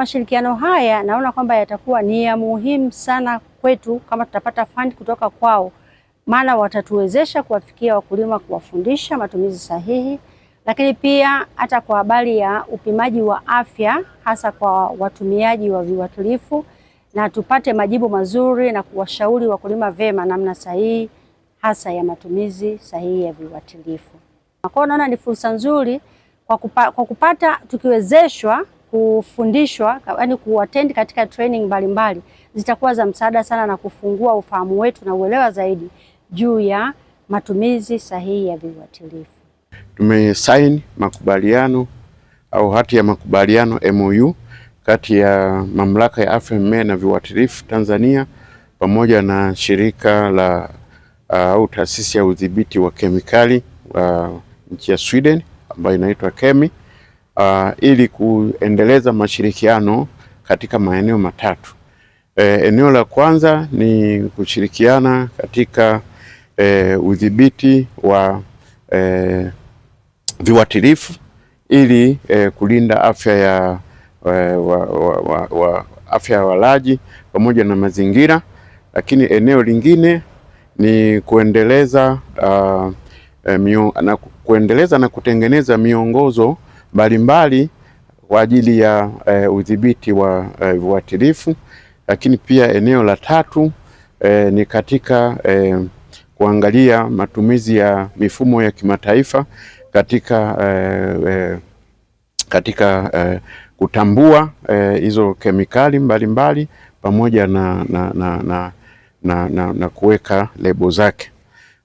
mashirikiano haya naona kwamba yatakuwa ni ya muhimu sana kwetu kama tutapata fund kutoka kwao, maana watatuwezesha kuwafikia wakulima, kuwafundisha matumizi sahihi, lakini pia hata kwa habari ya upimaji wa afya hasa kwa watumiaji wa viuatilifu, na tupate majibu mazuri na kuwashauri wakulima vema namna sahihi hasa ya matumizi sahihi ya viuatilifu. Kwa hiyo naona ni fursa nzuri kwa, kupa, kwa kupata tukiwezeshwa kufundishwa yani kuattend katika training mbalimbali zitakuwa za msaada sana na kufungua ufahamu wetu na uelewa zaidi juu ya matumizi sahihi ya viuatilifu. Tumesaini makubaliano au hati ya makubaliano MOU kati ya Mamlaka ya Afya Mimea na Viuatilifu Tanzania pamoja na shirika la uh, au taasisi ya udhibiti wa kemikali uh, nchi ya Sweden ambayo inaitwa KEMI uh, ili kuendeleza mashirikiano katika maeneo matatu. E, eneo la kwanza ni kushirikiana katika e, udhibiti wa e, eh, viwatilifu ili e, kulinda afya ya wa, wa, wa, wa, afya ya walaji pamoja na mazingira, lakini eneo lingine ni kuendeleza uh, mio, na, kuendeleza na kutengeneza miongozo mbalimbali kwa ajili ya e, udhibiti wa e, eh, viuatilifu. Lakini pia eneo la tatu e, ni katika e, kuangalia matumizi ya mifumo ya kimataifa katika e, e, katika e, kutambua hizo e, kemikali mbalimbali mbali, pamoja na, na, na, na, na, na, na kuweka lebo zake.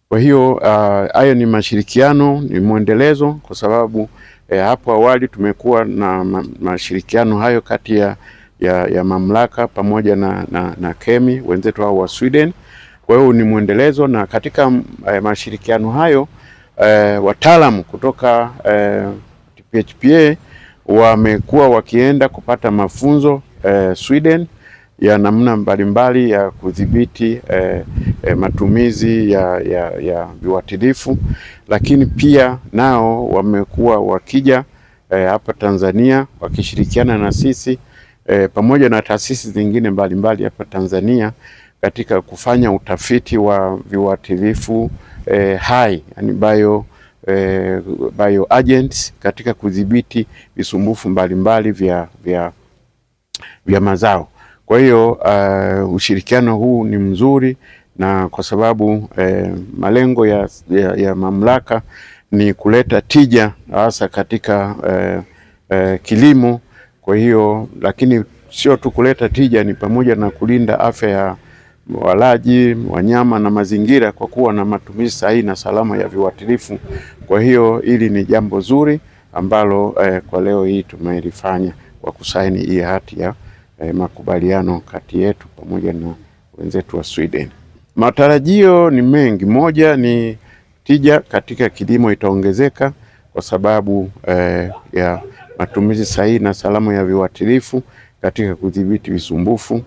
Kwa hiyo ah, hayo uh, ni mashirikiano, ni mwendelezo kwa sababu E, hapo awali tumekuwa na mashirikiano hayo kati ya, ya, ya mamlaka pamoja na, na, na KEMI wenzetu hao wa Sweden. Kwa hiyo ni mwendelezo na katika e, mashirikiano hayo e, wataalamu kutoka e, TPHPA wamekuwa wakienda kupata mafunzo e, Sweden ya namna mbalimbali ya kudhibiti eh, eh, matumizi ya, ya, ya viuatilifu, lakini pia nao wamekuwa wakija eh, hapa Tanzania wakishirikiana na sisi eh, pamoja na taasisi zingine mbalimbali hapa Tanzania katika kufanya utafiti wa viuatilifu eh, hai yani bio eh, bio agents katika kudhibiti visumbufu mbalimbali vya, vya, vya mazao. Kwa hiyo uh, ushirikiano huu ni mzuri na kwa sababu eh, malengo ya, ya, ya mamlaka ni kuleta tija hasa katika eh, eh, kilimo. Kwa hiyo lakini sio tu kuleta tija, ni pamoja na kulinda afya ya walaji, wanyama na mazingira kwa kuwa na matumizi sahihi na salama ya viuatilifu. Kwa hiyo hili ni jambo zuri ambalo eh, kwa leo hii tumelifanya kwa kusaini hii hati ya eh, makubaliano kati yetu pamoja na wenzetu wa Sweden. Matarajio ni mengi. Moja ni tija katika kilimo itaongezeka kwa sababu eh, ya matumizi sahihi na salama ya viuatilifu katika kudhibiti visumbufu,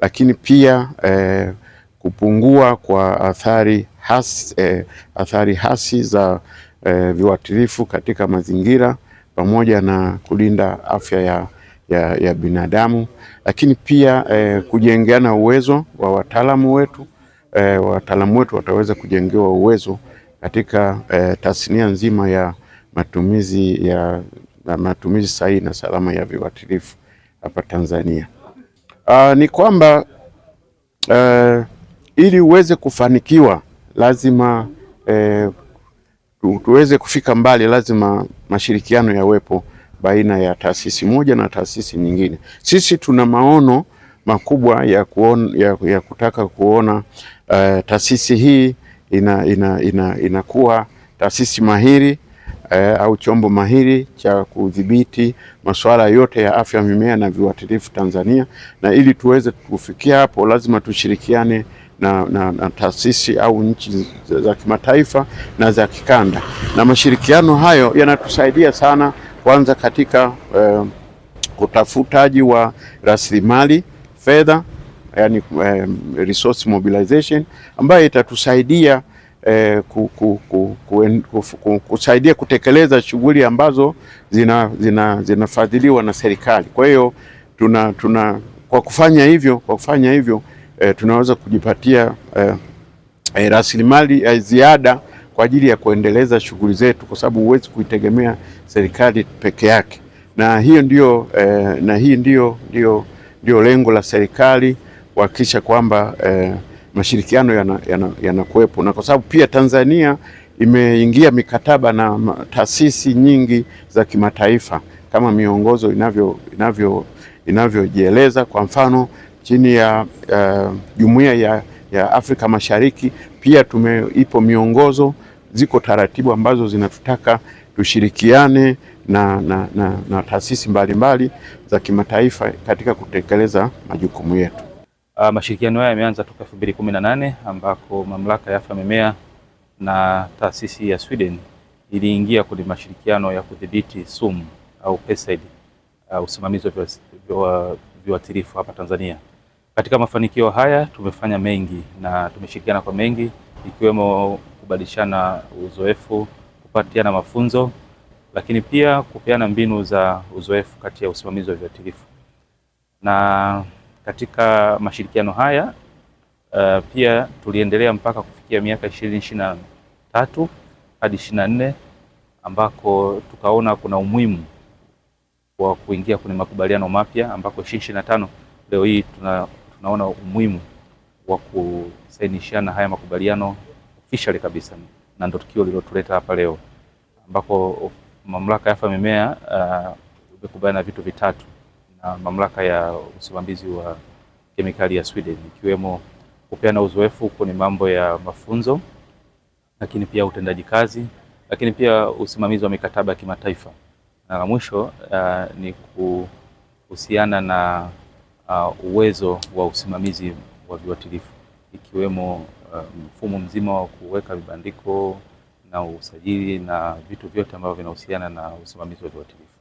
lakini pia eh, kupungua kwa athari hasi, eh, athari hasi za eh, viuatilifu katika mazingira pamoja na kulinda afya ya ya, ya binadamu, lakini pia eh, kujengeana uwezo wa wataalamu wetu eh, wataalamu wetu wataweza kujengewa uwezo katika eh, tasnia nzima ya matumizi ya na matumizi sahihi na salama ya viwatilifu hapa Tanzania. Aa, ah, ni kwamba eh, ili uweze kufanikiwa lazima eh, tuweze kufika mbali, lazima mashirikiano yawepo baina ya taasisi moja na taasisi nyingine. Sisi tuna maono makubwa ya, kuona, ya, ya kutaka kuona uh, taasisi hii ina, ina, ina, inakuwa taasisi mahiri uh, au chombo mahiri cha kudhibiti masuala yote ya afya mimea na viuatilifu Tanzania, na ili tuweze kufikia hapo lazima tushirikiane na, na, na taasisi au nchi za kimataifa na za kikanda, na mashirikiano hayo yanatusaidia sana kwanza katika eh, utafutaji wa rasilimali fedha, yani eh, resource mobilization ambayo itatusaidia eh, ku, ku, ku, ku, ku, ku, kusaidia kutekeleza shughuli ambazo zinafadhiliwa zina, zina na serikali. Kwa hiyo tuna, tuna kwa kufanya hivyo, kwa kufanya hivyo eh, tunaweza kujipatia eh, eh, rasilimali eh, ziada kwa ajili ya kuendeleza shughuli zetu, kwa sababu huwezi kuitegemea serikali peke yake, na hiyo ndio eh, na hii ndio ndio ndio lengo la serikali kuhakikisha kwamba eh, mashirikiano yanakuwepo yana, yana na kwa sababu pia Tanzania imeingia mikataba na taasisi nyingi za kimataifa kama miongozo inavyo inavyo inavyojieleza kwa mfano chini ya eh, jumuiya uh, ya, ya Afrika Mashariki pia tume ipo miongozo, ziko taratibu ambazo zinatutaka tushirikiane na, na, na, na taasisi mbalimbali za kimataifa katika kutekeleza majukumu yetu. Uh, mashirikiano haya yameanza toka 2018 ambako mamlaka ya afya mimea na taasisi ya Sweden iliingia kwenye mashirikiano ya kudhibiti sumu au pesticide, uh, usimamizi wa viuatilifu hapa Tanzania. Katika mafanikio haya tumefanya mengi na tumeshirikiana kwa mengi, ikiwemo kubadilishana uzoefu, kupatiana mafunzo, lakini pia kupeana mbinu za uzoefu kati ya usimamizi wa viuatilifu. Na katika mashirikiano haya uh, pia tuliendelea mpaka kufikia miaka ishirini ishirini na tatu hadi ishirini na nne ambako tukaona kuna umuhimu wa kuingia kwenye makubaliano mapya ambako ishirini ishirini na tano leo hii tuna tunaona umuhimu wa kusainishana haya makubaliano officially kabisa, na ndio tukio lililotuleta hapa leo ambako mamlaka ya afya mimea uh, imekubaliana uh, na vitu vitatu na mamlaka ya usimamizi wa kemikali ya Sweden ikiwemo kupeana uzoefu kwenye mambo ya mafunzo, lakini pia utendaji kazi, lakini pia usimamizi wa mikataba ya kimataifa, na la mwisho uh, ni kuhusiana na uh, uwezo wa usimamizi wa viuatilifu ikiwemo uh, mfumo mzima wa kuweka vibandiko na usajili na vitu vyote ambavyo vinahusiana na usimamizi wa viuatilifu.